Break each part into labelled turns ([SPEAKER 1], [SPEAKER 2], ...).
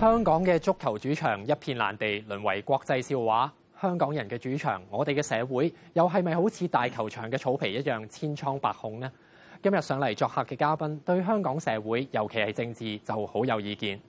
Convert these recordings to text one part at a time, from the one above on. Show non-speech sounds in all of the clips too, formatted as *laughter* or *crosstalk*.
[SPEAKER 1] 香港嘅足球主場一片爛地，淪為國際笑話，香港人嘅主場，我哋嘅社會又係咪好似大球場嘅草皮一樣千瘡百孔呢？今日上嚟作客嘅嘉賓對香港社會，尤其係政治就好有意見，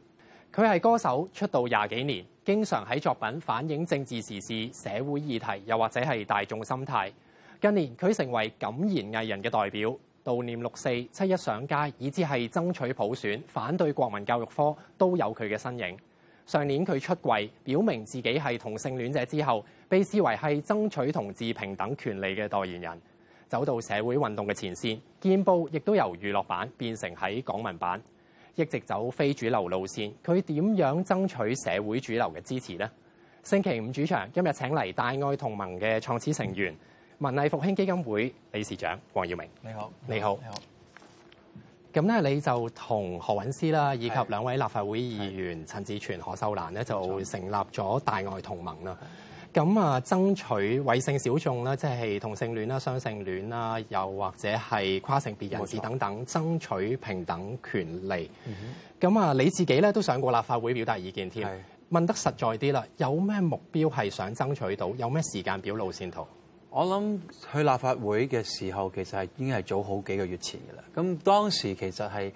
[SPEAKER 1] 佢係歌手出道，廿幾年，經常喺作品反映政治時事、社會議題又或者係大眾心態，近年佢成為敢言藝人嘅代表。悼念六四、七一上街，以至係爭取普選、反對國民教育科，都有佢嘅身影。上年佢出櫃表明自己係同性戀者之後，被視為係爭取同志平等權利嘅代言人，走到社會運動嘅前線，見報亦都由娛樂版變成喺港聞版，一直走非主流路線。佢點樣爭取社會主流嘅支持呢？星期五主場，今日請嚟大愛同盟嘅創始成員。文藝復興基金會理事長黃耀明，你好，你好，你好。咁咧，你就同何韻詩啦，以及兩位立法會議員的陳志全、何秀蘭咧，就成立咗大愛同盟啦。咁啊的，爭取為性小眾啦，即係同性戀啦、雙性戀啦，又或者係跨性別人士等等，錯爭取平等權利。咁啊、嗯哼，你自己咧都上過立法會表達意見，添的問得實在啲啦，有咩目標係想爭取到？有咩時間表、路線圖？我諗去立法會嘅時候，其實係已經係早好幾個月前嘅啦。咁當時其實係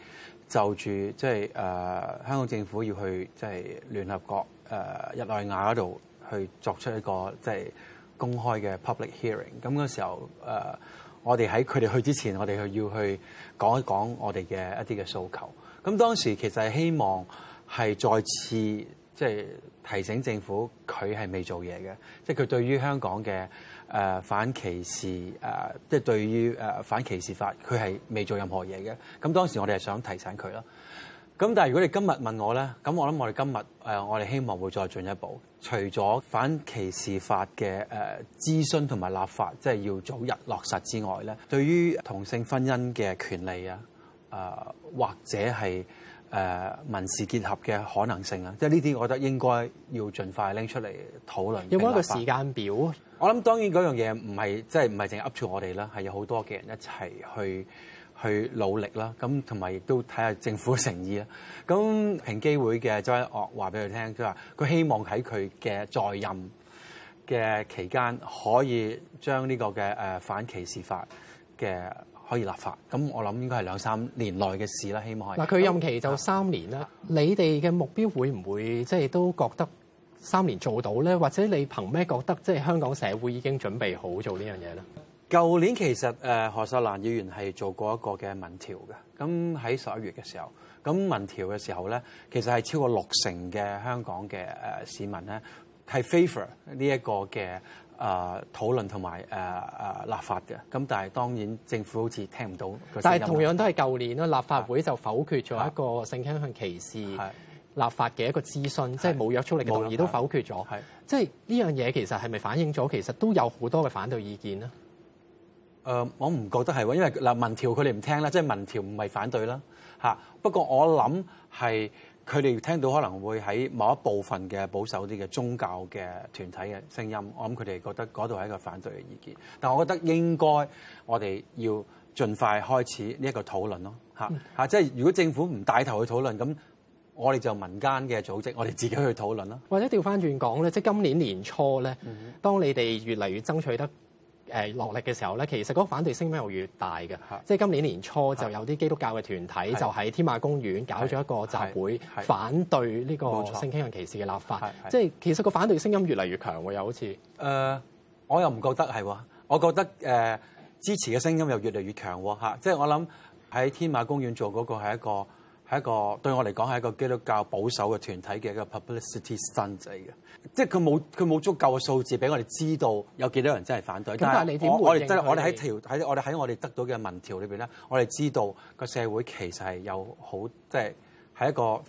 [SPEAKER 2] 就住即係香港政府要去即係聯合國、呃、日內瓦嗰度去作出一個即係公開嘅 public hearing。咁嗰時候、呃、我哋喺佢哋去之前，我哋去要去講一講我哋嘅一啲嘅訴求。咁當時其實係希望係再次。即係提醒政府，佢係未做嘢嘅，即係佢對於香港嘅誒、呃、反歧視誒，即、呃、係、就是、對於誒、呃、反歧視法，佢係未做任何嘢嘅。咁當時我哋係想提醒佢咯。咁但係如果你今日問我咧，咁我諗我哋今日誒、呃，我哋希望會再進一步，除咗反歧視法嘅誒諮詢同埋立法，即、就、係、是、要早日落實之外咧，對於同性婚姻嘅權利啊，誒、呃、或者係。誒、呃、民事結合嘅可能性啦，即係呢啲，我覺得應該要盡快拎出嚟討論。有冇一個時間表？我諗當然嗰樣嘢唔係即係唔係淨係噏住我哋啦，係有好多嘅人一齊去去努力啦。咁同埋亦都睇下政府嘅誠意啦。咁平機會嘅周一嶽話俾佢聽，佢係話佢希望喺佢嘅在任嘅期間，可以將呢個嘅誒、呃、反歧視法嘅。可以立法，咁我諗應該係兩三年內嘅事啦。希望係嗱，佢任期就三
[SPEAKER 1] 年啦。嗯、你哋嘅目標會唔會即係、就是、都覺得三年做到咧？或者你憑咩覺得即係、就是、香港社會已經準備好做這件事呢樣嘢咧？
[SPEAKER 2] 舊年其實誒何秀蘭議員係做過一個嘅民調嘅，咁喺十一月嘅時候，咁民調嘅時候咧，其實係超過六成嘅香港嘅誒市民咧係 favor 呢一個嘅。誒、呃、討論同埋誒誒立
[SPEAKER 1] 法嘅，咁但係當然政府好似聽唔到。但係同樣都係舊年啦，是的 立法會就否決咗一個性傾向歧視是的 立法嘅一個諮詢，是的 即係冇約束力嘅，同意都否決咗。是是即係呢樣嘢其實係咪反映咗其實都有好多嘅反對意見咧？誒、呃，我唔覺得係喎，因為嗱民調佢哋唔聽啦，即係民調唔係反對啦嚇。
[SPEAKER 2] 不過我諗係。佢哋聽到可能會喺某一部分嘅保守啲嘅宗教嘅團體嘅聲音，我諗佢哋覺得嗰度係一個反對嘅意見。但我覺得應該我哋要盡快開始呢一個討論咯，嚇嚇即係如果政府唔帶頭去討論，咁我哋就民間嘅組織，我哋自己去討論咯。
[SPEAKER 1] 或者調翻轉講咧，即係今年年初咧，當你哋越嚟越爭取得，誒、呃、落力嘅時候咧，其實個反對聲音又越大嘅，是即係今年年初就有啲基督教嘅團體就喺天馬公園搞咗一個集會，反對呢個性傾向歧視嘅立法。即係其實個反對聲音越嚟越強喎，又好似誒、
[SPEAKER 2] 呃，我又唔
[SPEAKER 1] 覺得係喎，我覺得誒、
[SPEAKER 2] 呃、支持嘅聲音又越嚟越強喎、啊、即係我諗喺天馬公園做嗰個係一個。係一個對我嚟講係一個基督教保守嘅團體嘅一個 publicity stunt 嘅，即係佢冇佢冇足夠嘅數字俾我哋知道有幾多人真係反對。但係我我哋真我哋喺條喺我哋喺我哋得到嘅民調裏邊咧，我哋知道個社會其實係有
[SPEAKER 1] 好即係係一個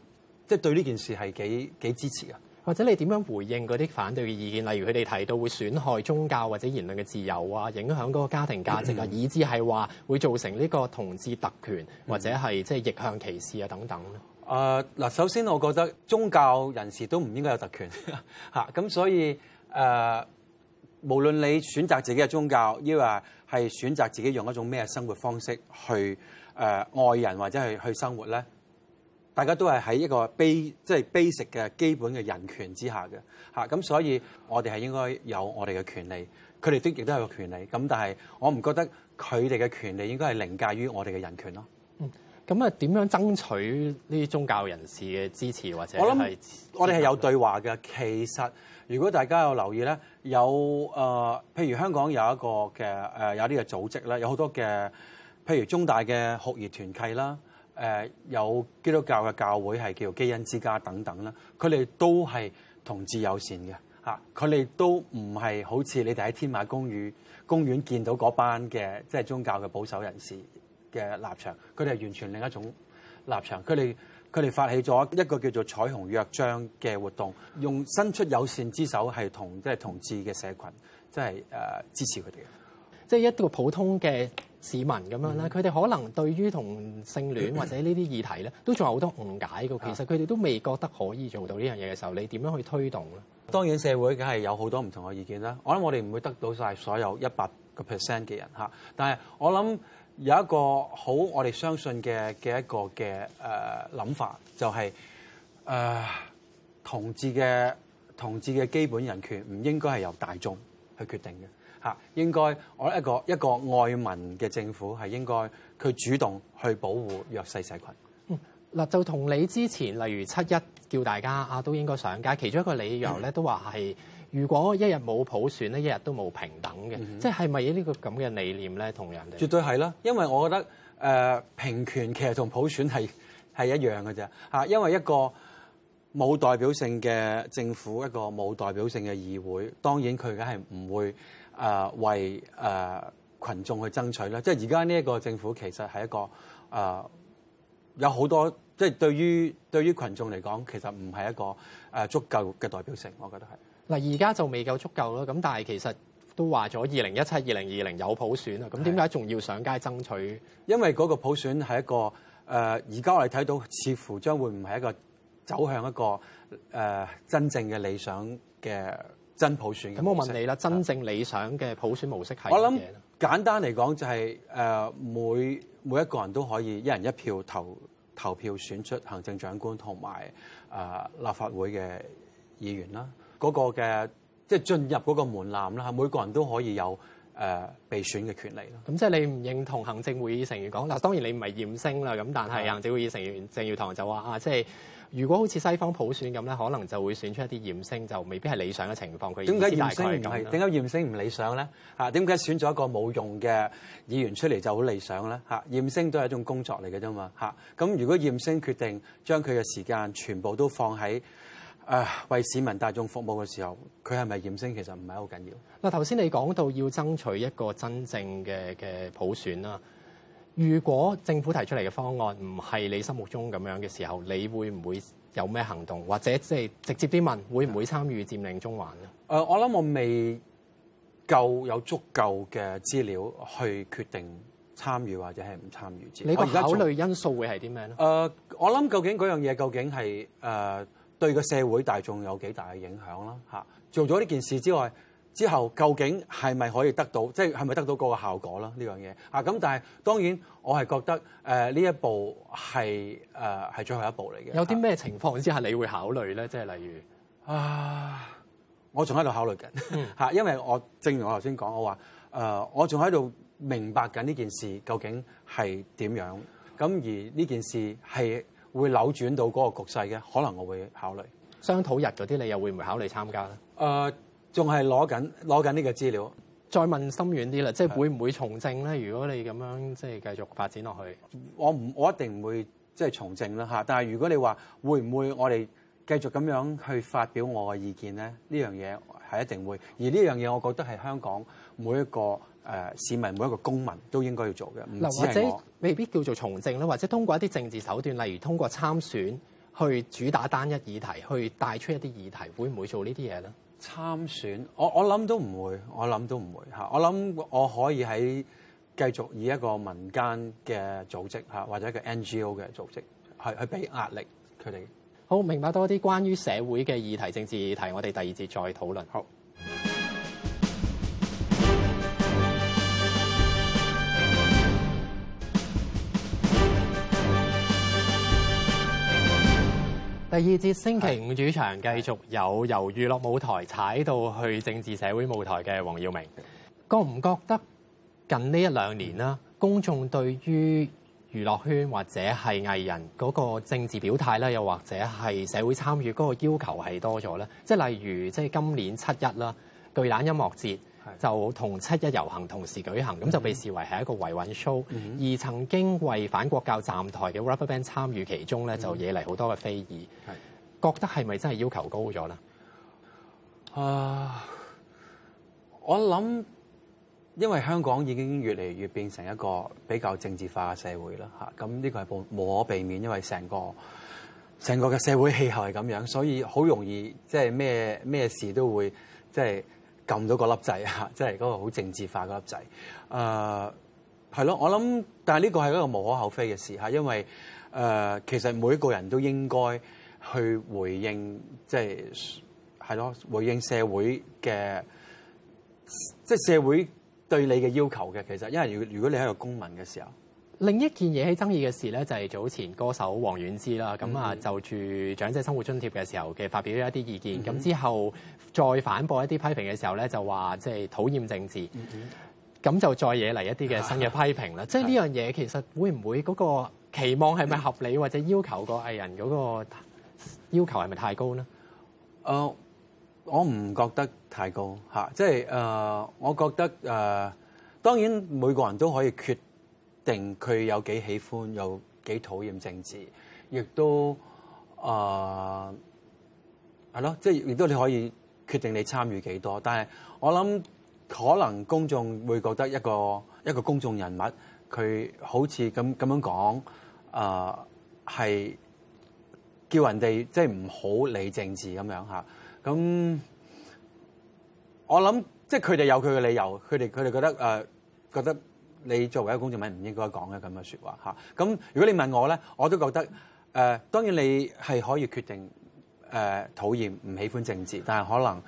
[SPEAKER 1] 即係對呢件事係幾幾支持嘅。或者你點樣回應嗰啲反對嘅意見？例如佢哋提到會損害宗教或者言論嘅自由啊，影響嗰個家庭價值啊，咳咳以至係話會造成呢個同志特權或者係即係逆向歧視啊等等。嗱、
[SPEAKER 2] 呃，首先我覺得宗教人士都唔應該有特權嚇，咁所以誒、呃，無論你選擇自己嘅宗教，抑或係選擇自己用一種咩生活方式去誒、呃、愛人或者係去，去生活咧。大家都係喺一個 basic 嘅基本嘅人權之下嘅，嚇咁所以我哋係應該有我哋嘅權利，佢哋亦都係有權利。咁但係我唔覺得佢哋嘅權利應該係凌駕於我哋嘅人權咯。嗯，
[SPEAKER 1] 咁啊點樣爭
[SPEAKER 2] 取呢啲宗教人士嘅支持，或者係我諗我哋係有對話嘅。其實如果大家有留意咧，有誒、呃、譬如香港有一個嘅誒有呢個組織啦，有好多嘅譬如中大嘅學業團契啦。誒、呃、有基督教嘅教會係叫基恩之家等等啦，佢哋都係同志友善嘅，吓，佢哋都唔係好似你哋喺天馬公寓公園見到嗰班嘅即係宗教嘅保守人士嘅立場，佢哋係完全另一種立場，佢哋佢哋發起咗一個叫做彩虹約章嘅活動，用伸出友善之手係同即係同志嘅社群，即係、呃、誒支持佢哋嘅，
[SPEAKER 1] 即係一個普通嘅。市民咁樣咧，佢哋可能對於同性戀或者呢啲議題咧，都仲有好多誤解嘅。其實佢哋都未覺得可以做到呢樣嘢嘅時候，你點樣去推動咧？
[SPEAKER 2] 當然社會梗係有好多唔同嘅意見啦。我諗我哋唔會得到晒所有一百個 percent 嘅人吓，但係我諗有一個好我哋相信嘅嘅一個嘅誒諗法，就係、是、誒、呃、同志嘅同志嘅基本人權唔應該係由大眾去決定嘅。啊！應該我一個一個愛民嘅政府係應該佢主動去保護弱勢社群。嗯，
[SPEAKER 1] 嗱就同你之前例如七一叫大家啊，都應該上街。其中一個理由咧，嗯、都話係如果一日冇普選咧，一日都冇平等嘅。嗯、哼即係咪呢個咁嘅理念咧，同人哋？絕
[SPEAKER 2] 對係啦，因為我覺得誒、呃、平權其實同普選係係一樣嘅啫。啊，因為一個冇代表性嘅政府，一個冇代表性嘅議會，當然佢梗係唔會，誒、呃、為誒羣、呃、眾去爭取啦，即係而家呢一個政府其實係一個誒、呃、有好多即係對於對於羣眾嚟講，其實唔係一個誒、呃、足夠嘅代表性，我覺
[SPEAKER 1] 得係。嗱，而家就未夠足夠咯，咁但係其實都話咗二零一七、二零二零有普選啊，咁點解仲要上街爭取？因為嗰個普選係一個誒，而、呃、家我哋
[SPEAKER 2] 睇到似乎將會唔係一個走向一個誒、呃、真正嘅理想嘅。真普選咁，那我問你啦，真正理想嘅普選模式係乜嘢咧？我諗簡單嚟講、就是，就係誒每每一個人都可以一人一票投投票選出行政長官同埋誒立法會嘅議員啦。
[SPEAKER 1] 嗰、那個嘅即係進入嗰個門檻啦，每個人都可以有誒、呃、被選嘅權利咯。咁即係你唔認同行政會議成員講嗱，當然你唔係嫌勝啦。咁但係行政會議成員鄭耀棠就話啊，即係。如果好似西方普選咁咧，可能就會選出一啲驗星，就未必係理想嘅情況。佢點解驗星唔係？點解
[SPEAKER 2] 驗星唔理想
[SPEAKER 1] 咧？嚇，點解選咗一個冇用
[SPEAKER 2] 嘅議員出嚟就好理想咧？嚇，驗星都係一種工作嚟嘅啫嘛。嚇，咁如果驗星決定將佢嘅時間全部都放喺誒、呃、為市民大眾服務
[SPEAKER 1] 嘅時候，佢係咪驗星其實唔係好緊要。嗱，頭先你講到要爭取一個真正嘅嘅普選啦。如果政府提出嚟嘅方案唔係你心目中咁樣嘅時候，你會唔會有咩行動，或者即係直接啲問會唔會參與佔領中環咧？誒、呃，我諗我未夠有足夠嘅資料
[SPEAKER 2] 去決定參與或者係唔參與。你而家考慮因素會係啲咩咧？誒、呃，我諗究竟嗰樣嘢究竟係誒、呃、對個社會大眾有幾大嘅影響啦？吓，做咗呢件事之外。之後究竟係咪可以得到，即係係咪得到嗰個效果咧？呢樣嘢啊，咁但係當然我係覺得誒呢、呃、一步係誒係最後一步嚟嘅。有啲咩情況之下你會考慮咧？即係例如啊，我仲喺度考慮緊嚇，嗯、因為我正如我頭先講，我話誒、呃、我仲喺度明白緊呢件事究竟係點樣。咁而呢件事係會扭轉到嗰個局勢嘅，可能我會考慮商討日嗰啲，你又會唔會考慮參
[SPEAKER 1] 加咧？誒、呃。仲係攞緊攞緊呢個資料，再問深遠啲啦，即係會唔會從政咧？如果你咁樣即係繼續發展落去，
[SPEAKER 2] 我唔我一定唔會即係從政啦嚇。但係如果你話會唔會我哋繼續咁樣去發表我嘅意見咧？呢樣嘢係一定會。而呢樣嘢，我覺得係香港每一個誒、呃、市民、
[SPEAKER 1] 每一個公民都應該要做嘅，唔止係我，或者未必叫做從政啦，或者通過一啲政治手段，例如通過參選去主打單一議題，去帶出一啲議題，會唔會做這些呢啲嘢咧？參選，我我諗都唔會，我諗都唔會吓，我諗我可以喺
[SPEAKER 2] 繼續以一個民間嘅組織吓，或者一個 NGO 嘅組織
[SPEAKER 1] 係去俾壓力佢哋。好，明白多啲關於社會嘅議題，政治議題，我哋第二節再討論。好。第二節，星期五主場繼續有由，由娛樂舞台踩到去政治社會舞台嘅黃耀明，覺唔覺得近呢一兩年啦，公眾對於娛樂圈或者係藝人嗰個政治表態咧，又或者係社會參與嗰個要求係多咗咧？即係例如即係今年七一啦，巨蛋音樂節。就同七一遊行同時舉行，咁就被視為係一個維穩 show、嗯。而曾經為反國教站台嘅 Rubberband 參與其中咧，嗯、就惹嚟好多嘅非議。是覺得係咪真係要求高咗咧？
[SPEAKER 2] 啊，uh, 我諗，因為香港已經越嚟越變成一個比較政治化嘅社會啦。嚇，咁呢個係無無可避免，因為成個成個嘅社會氣候係咁樣，所以好容易即係咩咩事都會即係。撳到個粒掣啊！即係嗰個好政治化嗰粒掣，誒係咯，我諗，但係呢個係一個無可厚非嘅事嚇，因為誒、呃、其實每一個人都應該去回應，即係係咯回應社會嘅，即係社會對你嘅要求嘅，其
[SPEAKER 1] 實因為如如果你係一個公民嘅時候。另一件惹起爭議嘅事咧，就係早前歌手王菀之啦，咁啊就住長者生活津貼嘅時候嘅發表咗一啲意見，咁之後再反駁一啲批評嘅時候咧，就話即係討厭政治，咁就再惹嚟一啲嘅新嘅批評啦。即係呢樣嘢其實會唔會個期望係咪合理，或者要求個藝人個要求係咪太高咧？誒、
[SPEAKER 2] 呃、我唔覺得太高吓、啊，即係誒、呃、我覺得誒、呃、當然每個人都可以決。定佢有幾喜歡，有幾討厭政治，亦都誒係咯，即係亦都你可以決定你參與幾多。但係我諗，可能公眾會覺得一個一個公眾人物，佢好似咁咁樣講誒，係、呃、叫人哋即係唔好理政治咁樣吓。咁我諗，即係佢哋有佢嘅理由，佢哋佢哋覺得誒、呃，覺得。你作為一個公眾人物唔應該講嘅咁嘅説話嚇。咁如果你問我咧，我都覺得誒、呃，當然你係可以決定誒、呃、討厭唔喜歡政治，但係可能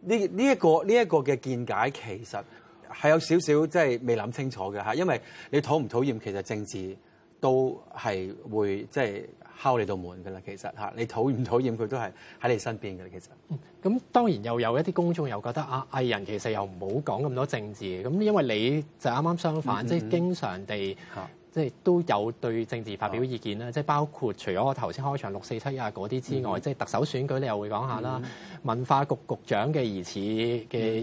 [SPEAKER 2] 呢呢一個呢一個嘅見解其實係有少少即係未諗清楚嘅嚇，因為你討唔討厭其實政治都係會即係。
[SPEAKER 1] 敲你到門嘅啦，其實吓，你討唔討厭佢都係喺你身邊嘅啦，其實。其實嗯，咁當然又有一啲公眾又覺得啊，藝人其實又唔好講咁多政治，咁因為你就啱啱相反，嗯嗯即係經常地。嗯即係都有對政治發表意見啦，即係、啊、包括除咗我頭先開場六四七一嗰啲之外，嗯、即係特首選舉你又會講下啦，嗯、文化局局長嘅疑似嘅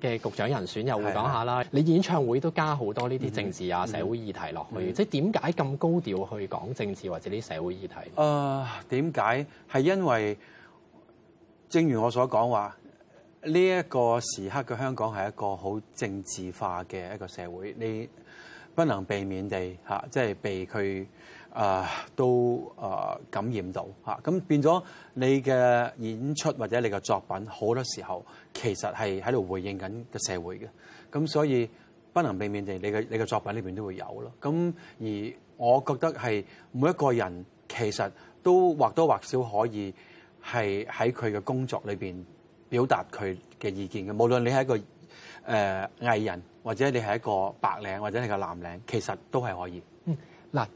[SPEAKER 1] 嘅局長人選又會講下啦，嗯、 *laughs* 的你演唱會都加好多呢啲政治啊、嗯、社會議題落去，嗯、即係點解咁高調去講政治或者呢啲社會議題？
[SPEAKER 2] 誒點解係因為正如我所講話，呢、這、一個時刻嘅香港係一個好政治化嘅一個社會，你。不能避免地吓，即係被佢，誒、呃、都誒、呃、感染到吓，咁變咗你嘅演出或者你嘅作品，好多時候其實係喺度回應緊個社會嘅，咁所以不能避免地，你嘅你嘅作品裏邊都會有咯。咁而我覺得係每一個人其實都或多或少可以係喺佢嘅工作裏邊表達佢嘅意見嘅，無論你係一個。誒、呃、藝人或者你係一個白
[SPEAKER 1] 領或者係個藍領，其實都係可以。嗯，嗱，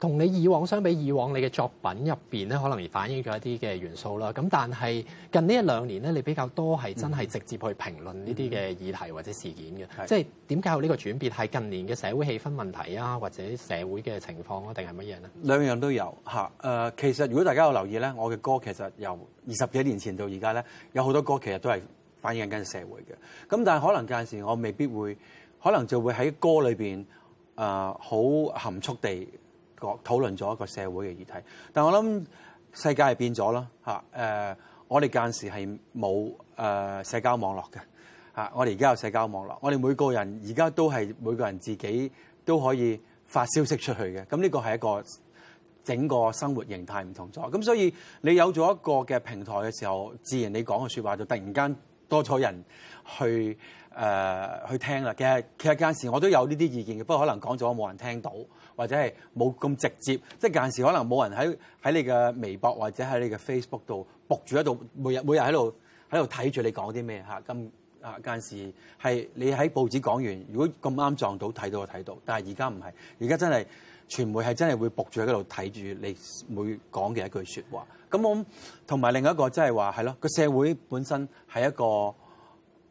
[SPEAKER 1] 同你以往相比，以往你嘅作品入邊咧，可能反映咗一啲嘅元素啦。咁但係近呢一兩年咧，你比較多係真係直接去評論呢啲嘅議題或者事件嘅。嗯嗯、即係點解有呢個轉變？係近年嘅社會氣氛問題啊，或者社會嘅情況啊，定係乜嘢咧？
[SPEAKER 2] 兩樣都有嚇。誒，其實如果大家有留意咧，我嘅歌其實由二十幾年前到而家咧，有好多歌其實都係。反映緊社會嘅，咁但係可能間時我未必會，可能就會喺歌裏邊，誒、呃、好含蓄地講討論咗一個社會嘅議題。但我諗世界係變咗啦，嚇、呃、誒，我哋間時係冇誒社交網絡嘅，嚇、呃、我哋而家有社交網絡，我哋每個人而家都係每個人自己都可以發消息出去嘅，咁呢個係一個整個生活形態唔同咗，咁所以你有咗一個嘅平台嘅時候，自然你講嘅說話就突然間。多咗人去誒、呃、去聽啦，其實其實間時我都有呢啲意見嘅，不過可能講咗冇人聽到，或者係冇咁直接，即係間時可能冇人喺喺你嘅微博或者喺你嘅 Facebook 度博住喺度，每日每日喺度喺度睇住你講啲咩吓，咁啊間時係你喺報紙講完，如果咁啱撞到睇到就睇到，但係而家唔係，而家真係。傳媒係真係會僕住喺度睇住你每講嘅一句說話，那麼，咁我同埋另外一個即係話係咯，個社會本身係一個誒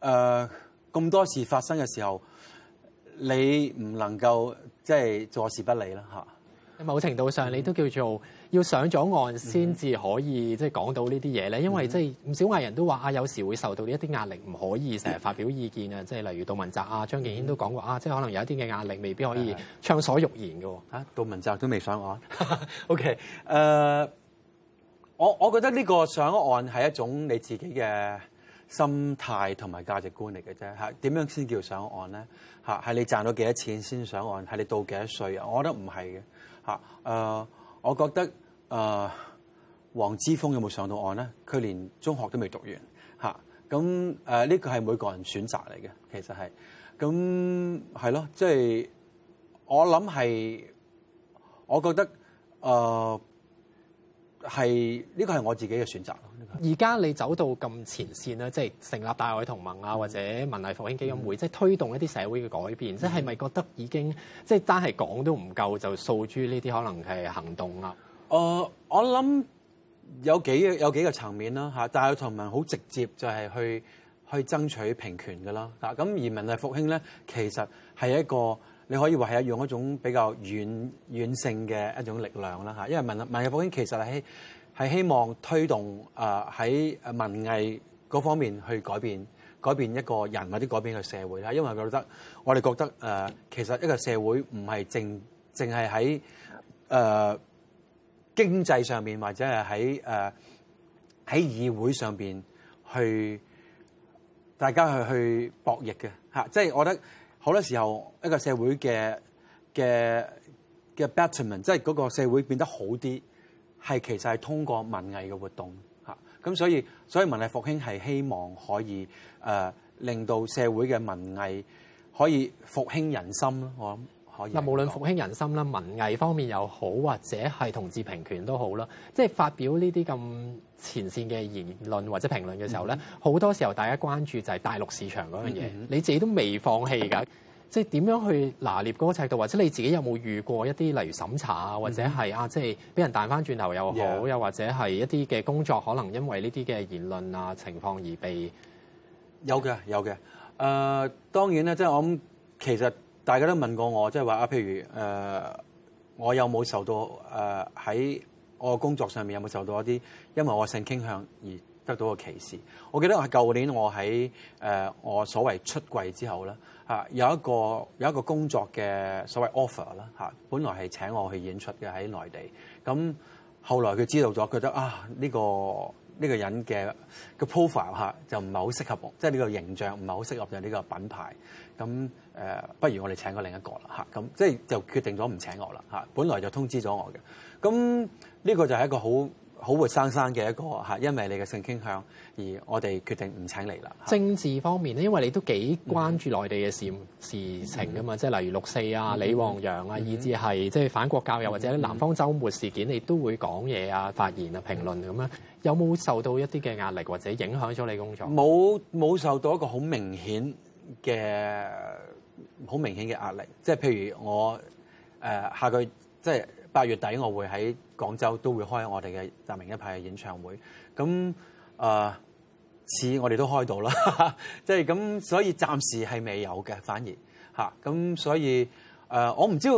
[SPEAKER 2] 咁、呃、多事發生嘅時候，你唔能夠即係坐視不理啦吓。啊
[SPEAKER 1] 某程度上，你都叫做要上咗岸先至可以，即係講到呢啲嘢咧。因為即係唔少藝人都話啊，有時會受到呢一啲壓力，唔可以成日發表意見啊。即係例如杜汶澤啊、張敬軒都講過啊，即係可能有一啲嘅壓力，未必可以暢所欲言嘅、哦。嚇，杜汶澤都未上岸。 *laughs* OK，、uh,
[SPEAKER 2] 我我覺得呢個上岸係一種你自己嘅心態同埋價值觀嚟嘅啫。嚇，點樣先叫上岸咧？係你賺到幾多錢先上岸？係你到幾多歲啊？我覺得唔係嘅。吓，誒、啊，我覺得誒黃、啊、之鋒有冇上到岸咧？佢連中學都未讀完吓，咁誒呢個係每個人選擇嚟嘅，其實係，咁係咯，即係、就是、我諗係，我覺得誒
[SPEAKER 1] 係呢個係我自己嘅選擇。而家你走到咁前線咧，即係成立大愛同盟啊，或者文藝復興基金會，即係推動一啲社會嘅改變，即係咪覺得已經即係單係講都唔夠，就訴諸呢啲可能係行動啊？
[SPEAKER 2] 誒、呃，我諗有幾有幾個層面啦嚇，大愛同盟好直接就係去去爭取平權嘅啦，嚇咁而文藝復興咧，其實係一個你可以話係用一種比較軟軟性嘅一種力量啦嚇，因為文藝文藝復興其實係。係希望推動誒喺、呃、文藝方面去改變改變一個人或者改變個社會啦，因為我覺得我哋覺得誒、呃、其實一個社會唔係淨淨係，喺誒、呃、經濟上面或者係喺誒喺議會上邊去大家去去博弈嘅吓，即、啊、係、就是、我覺得好多時候一個社會嘅嘅嘅 betterment，即係個社會變得好啲。係其實係通過文藝嘅活動吓，咁所以所以文藝復興係希望可
[SPEAKER 1] 以誒、呃、令到社會嘅文藝可以復興人心咯。我諗可以。嗱，無論復興人心啦，文藝方面又好，或者係同志平權都好啦，即係發表呢啲咁前線嘅言論或者評論嘅時候咧，好、mm hmm. 多時候大家關注就係大陸市場嗰樣嘢，mm hmm. 你自己都未放棄㗎。即係點樣去拿捏嗰個尺度，或者你自己有冇遇過一啲例如審查啊，或者係、嗯、啊，即係俾人彈翻轉頭又好，Yeah. 又或者係一啲嘅工作可能因為呢啲嘅言論啊情況而被有嘅有嘅。誒、呃、當然啦，即、就、係、是、我諗其實大家都問
[SPEAKER 2] 過我，即係話啊，譬如誒、呃，我有冇受到誒喺、呃、我工作上面有冇受到一啲因為我性傾向而？得到個歧視，我記得係舊年我喺誒、呃、我所謂出櫃之後咧嚇、啊、有一個有一個工作嘅所謂 offer 啦、啊、嚇，本來係請我去演出嘅喺內地，咁、啊、後來佢知道咗，覺得啊呢、呢個呢、呢個人嘅個 profile 嚇、啊、就唔係好適合我，即係呢個形象唔係好適合呢個品牌，咁誒、啊、不如我哋請個另一個啦嚇，咁、啊啊、即係就決定咗唔請我啦嚇、啊，本來就通知咗我嘅，咁、啊、呢、呢個就
[SPEAKER 1] 係一個好。好活生生嘅一個吓，因為你嘅性傾向而我哋決定唔請你啦。政治方面咧，因為你都幾關注內地嘅事、嗯、事情㗎嘛，即係例如六四啊、嗯、李旺陽啊，嗯、以至係即係反國教育，或者南方周末事件，你都會講嘢啊、發言啊、評論咁、嗯、樣。有冇受到一啲嘅壓力或者影響咗你工作？冇冇受到一個好明顯嘅好明顯嘅壓力，即
[SPEAKER 2] 係譬如我、呃、下個即係。八月底我會喺廣州都會開我哋嘅達明一派嘅演唱會，咁誒、呃、似我哋都開到啦，即係咁，所以暫時係未有嘅，反而嚇咁、啊，所以誒、呃、我唔知道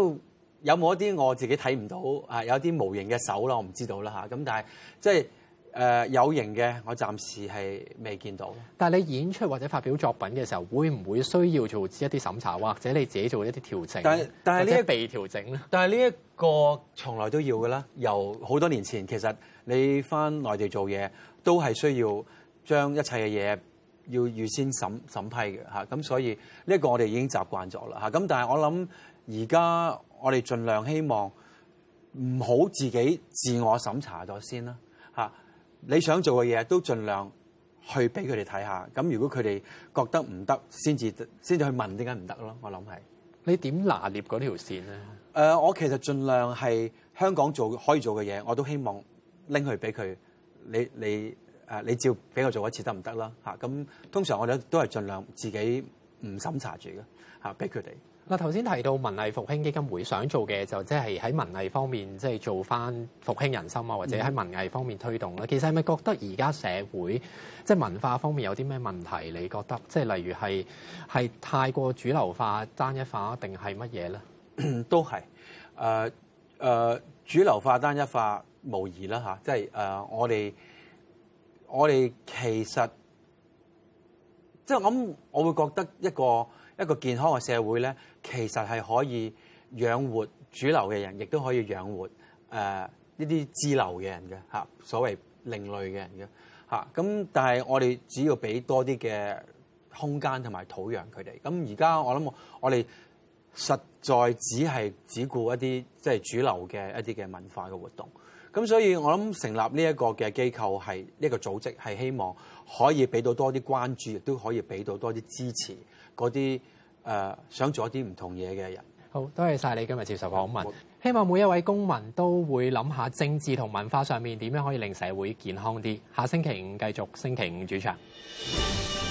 [SPEAKER 2] 有冇一啲我自己睇唔到啊，有啲無形嘅手咯，我唔知道啦嚇，咁、啊、但係即係。
[SPEAKER 1] 誒有形嘅，呢個、我暫時係
[SPEAKER 2] 未見到。
[SPEAKER 1] 但係你演出或者發表作品嘅時候，會唔會需要做一啲審查，或者你自己做一啲調整？被調整咧
[SPEAKER 2] 但係、呢個，但係呢一個從來都要噶啦。由好多年前，其實你翻內地做嘢都係需要將一切嘅嘢要預先審審批嘅吓，咁所以呢個我哋已經習慣咗啦吓，咁但係我諗而家我哋盡量希望唔好自己自我審查咗先啦。你想做嘅嘢都盡量去俾佢哋睇下，咁如果佢哋覺得唔得，先至先至去問點解唔得咯。我諗係你點拿捏嗰條線咧？誒、呃，我其實盡量係香港做可以做嘅嘢，我都希望拎去俾佢，你你誒你照俾我做一次得唔得啦？嚇、啊，咁
[SPEAKER 1] 通常我哋都係盡量自己唔審查住嘅嚇，俾佢哋。嗱，頭先提到文藝復興基金會想做嘅就即係喺文藝方面即係做翻復興人心啊，或者喺文藝方面推動啦。嗯、其實係咪覺得而家社會即係文化方面有啲咩問題？你覺得即係例如係係太過主流化、單一化定係乜嘢咧？是呢都係誒誒主流化、單一化無
[SPEAKER 2] 疑啦吓，即係誒、呃、我哋我哋其實即係、就是、我諗，我會覺得一個。一個健康嘅社會咧，其實係可以養活主流嘅人，亦都可以養活誒呢啲支流嘅人嘅嚇，所謂另類嘅人嘅嚇。咁但係我哋只要俾多啲嘅空間同埋土壤佢哋。咁而家我諗我哋實在只係只顧一啲即係主流嘅一啲嘅文化嘅活動。咁所以我諗成立呢一個嘅機構係一個組織係希望可以俾到多啲關注，亦都可以俾到多啲支持。嗰啲、呃、想做一啲唔同嘢嘅人，
[SPEAKER 1] 好，多謝晒你今日接受訪問，我希望每一位公民都會諗下政治同文化上面點樣可以令社會健康啲。下星期五繼續，星期五主場。